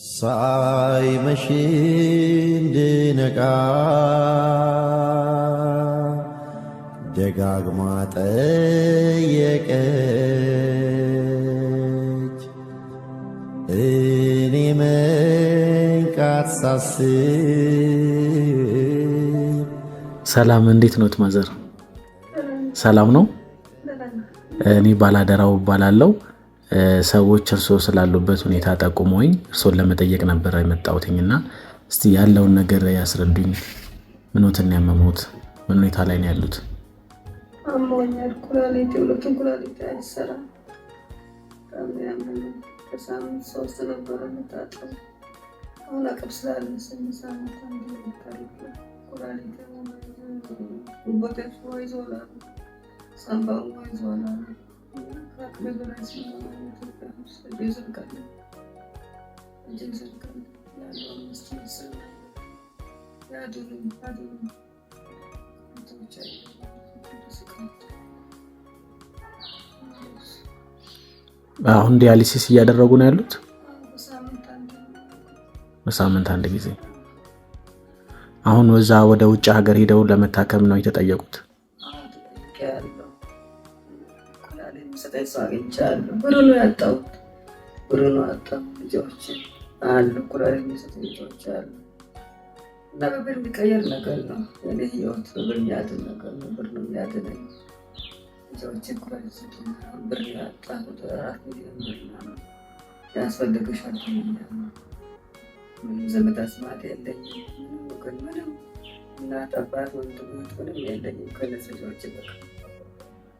ሳይ እንድነቃ ደጋግማ ጠየቀች። እኔ መንቃት ሳስብ ሰላም፣ እንዴት ነው ማዘር? ሰላም ነው። እኔ ባላደራው እባላለሁ። ሰዎች እርስዎ ስላሉበት ሁኔታ ጠቁሞኝ እርስዎን ለመጠየቅ ነበር የመጣሁትኝ እና እስቲ ያለውን ነገር ያስረዱኝ። ምኖትን ያመሙት? ምን ሁኔታ ላይ ነው ያሉት? አሞኛል። ኩላሊት ሁለቱም ኩላሊት አይሰራም። ከሳምንት ሶስት ነበረ አሁን አቅም ስላለ ኩላሊት አሁን ዲያሊሲስ እያደረጉ ነው ያሉት በሳምንት አንድ ጊዜ። አሁን ወዛ ወደ ውጭ ሀገር ሄደው ለመታከም ነው የተጠየቁት። ዘጠኝ ሰው አግኝቻለሁ። ብሩ ነው ያጣሁት፣ ብሩ ነው ልጆች አሉ፣ ኩራሪት ልጆች አሉ። እና በብር የሚቀየር ነገር ነው የኔ ህይወት። በብር የሚያድን ነገር ነው። ብር ነው የሚያድነኝ። ኩራሪት ብር ነው ያስፈልግሻል። ምንም ዘመድ አዝማድ የለኝም፣ ምንም ወገን፣ ምንም እናት አባት፣ ወንድም ምንም የለኝም ከነዚህ ልጆች በቃ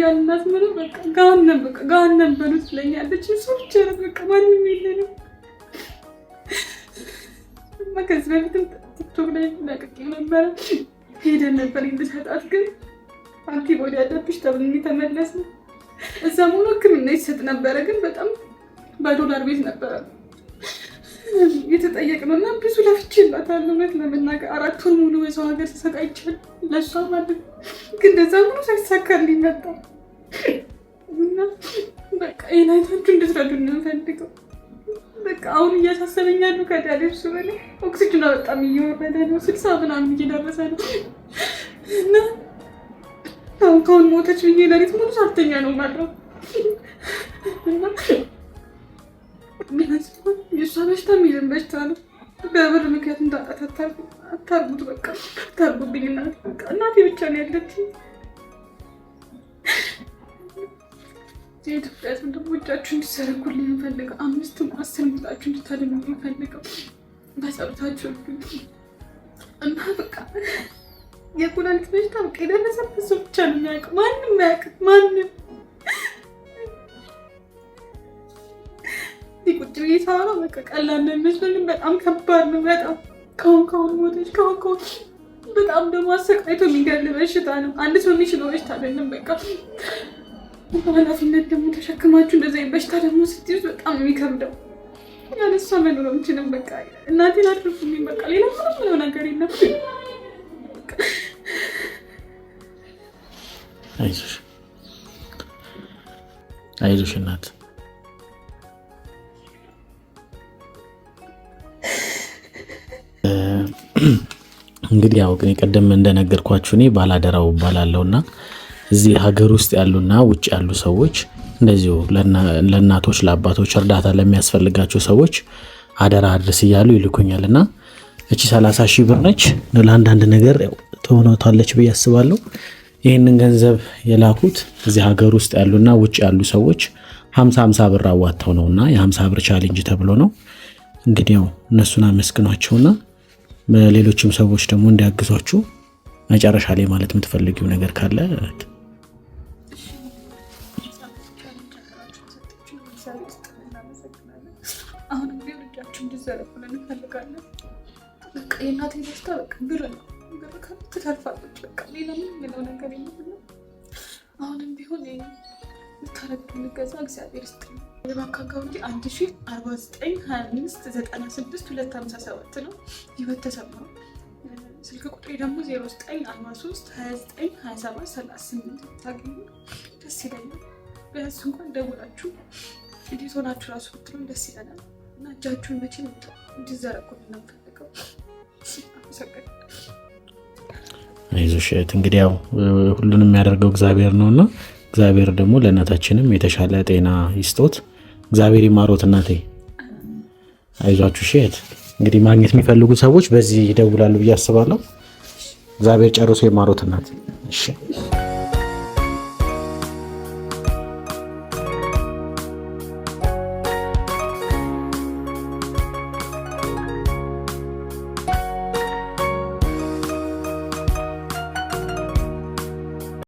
ያልናት ምን በቃ ጋሃነም በቃ ጋሃነም በሉት ትለኛለች። እሱ ብቻ ነው በቃ ማንም የለ ነው። ከዚህ በፊትም ቲክቶክ ላይ ለቅቄ ነበረ ሄደን ነበር ልሰጣት፣ ግን አንቲቦዲ አለብሽ ተብለን የተመለስን። እዛም ሆኖ ሕክምና ይሰጥ ነበረ፣ ግን በጣም በዶላር ቤት ነበረ የተጠየቅነው እና ብዙ ለፍቼላታለሁ። እውነት ለመናገር አራት ወር ሙሉ የሰው ሀገር ተሰቃይቻለሁ ለእሷ ማለት ነው ግን እንደዛ ብሎ ሳይሳካልኝ መጣ እና በቃ የናይታችሁ አይታችሁ እንፈልገው። በቃ አሁን እያሳሰበኝ ያሉ ከዳሌብሱ በላይ ኦክሲጅኗ በጣም እየወረደ ነው። ስልሳ ምናምን እየደረሰ ነው እና አሁን ከአሁን ሞተች ብዬ ለሊት ሙሉ ሳልተኛ ነው ማድረው እና የእሷ በሽታ የሚልን በሽታ ነው። በብር ምክንያት እንዳጣት አታርጉት። በቃ አታርጉብኝ። እናቴ በቃ እናቴ ብቻ ነው ያለች። የኢትዮጵያ ሕዝብ ደግሞ እጃችሁ እንዲዘረጉልኝ እንፈልገው። አምስት አስር ምጣችሁ እንድታደሙ እንፈልገው። በጸሎታችሁ እና በቃ የኩላሊት በሽታ በቃ የደረሰበት ሰው ብቻ ነው የሚያውቅ። ማንም አያውቅም። ማንም ቁጭ ብዬ ሳወራ በቃ ቀላል ነው የሚመስለኝ፣ በጣም ከባድ ነው። በጣም ከሁን ከሁን ሞቶች ከሁን ከሁን በጣም ደግሞ አሰቃይቶ የሚገል በሽታ ነው። አንድ ሰው የሚችለው በሽታ አይደለም። በቃ በኃላፊነት ደግሞ ተሸክማችሁ እንደዚህ በሽታ ደግሞ ስትይዙ በጣም የሚከብደው ያለሷ መኖር ምችልም። በቃ እናቴን አትርፉኝ። በቃ ሌላ እንግዲህ ያው ግን ቅድም እንደነገርኳችሁ እኔ ባላደራው እባላለሁና እዚህ ሀገር ውስጥ ያሉና ውጭ ያሉ ሰዎች እንደዚሁ ለእናቶች ለአባቶች እርዳታ ለሚያስፈልጋቸው ሰዎች አደራ አድርስ እያሉ ይልኩኛል እና እቺ 30 ሺህ ብር ነች። ለአንዳንድ ነገር ትሆነታለች ብዬ አስባለሁ። ይህንን ገንዘብ የላኩት እዚህ ሀገር ውስጥ ያሉና ውጭ ያሉ ሰዎች 50 50 ብር አዋጥተው ነውና የ50 ብር ቻሌንጅ ተብሎ ነው። እንግዲህ ያው እነሱን አመስግኗቸውና ሌሎችም ሰዎች ደግሞ እንዲያግዟችሁ መጨረሻ ላይ ማለት የምትፈልጊው ነገር ካለ አሁንም ቢሆን ልታረግ ልገዛ እግዚአብሔር ስጥ የባንክ አንድ ሺ አርባ ዘጠኝ ሀያ አምስት ዘጠና ስድስት ሁለት ሀምሳ ሰባት ነው። ህይወት ተሰማ። ስልክ ቁጥሬ ደግሞ ዜሮ ዘጠኝ አርባ ሶስት ሀያ ዘጠኝ ሀያ ሰባት ሰላሳ ስምንት ታገኙ ደስ ይለኛል። ቢያንስ እንኳን ደውላችሁ እንዴት ሆናችሁ ራሱ ብትሉን ደስ ይለናል እና እጃችሁን መቼ እንዲዘረጉ የምንፈልገው አይዞሽ እህት እንግዲህ ያው ሁሉንም የሚያደርገው እግዚአብሔር ነው እና እግዚአብሔር ደግሞ ለእናታችንም የተሻለ ጤና ይስጦት። እግዚአብሔር ይማሮት እናቴ። አይዟችሁ ሼት እንግዲህ ማግኘት የሚፈልጉ ሰዎች በዚህ ይደውላሉ ብዬ አስባለሁ። እግዚአብሔር ጨርሶ ይማሮት እናቴ።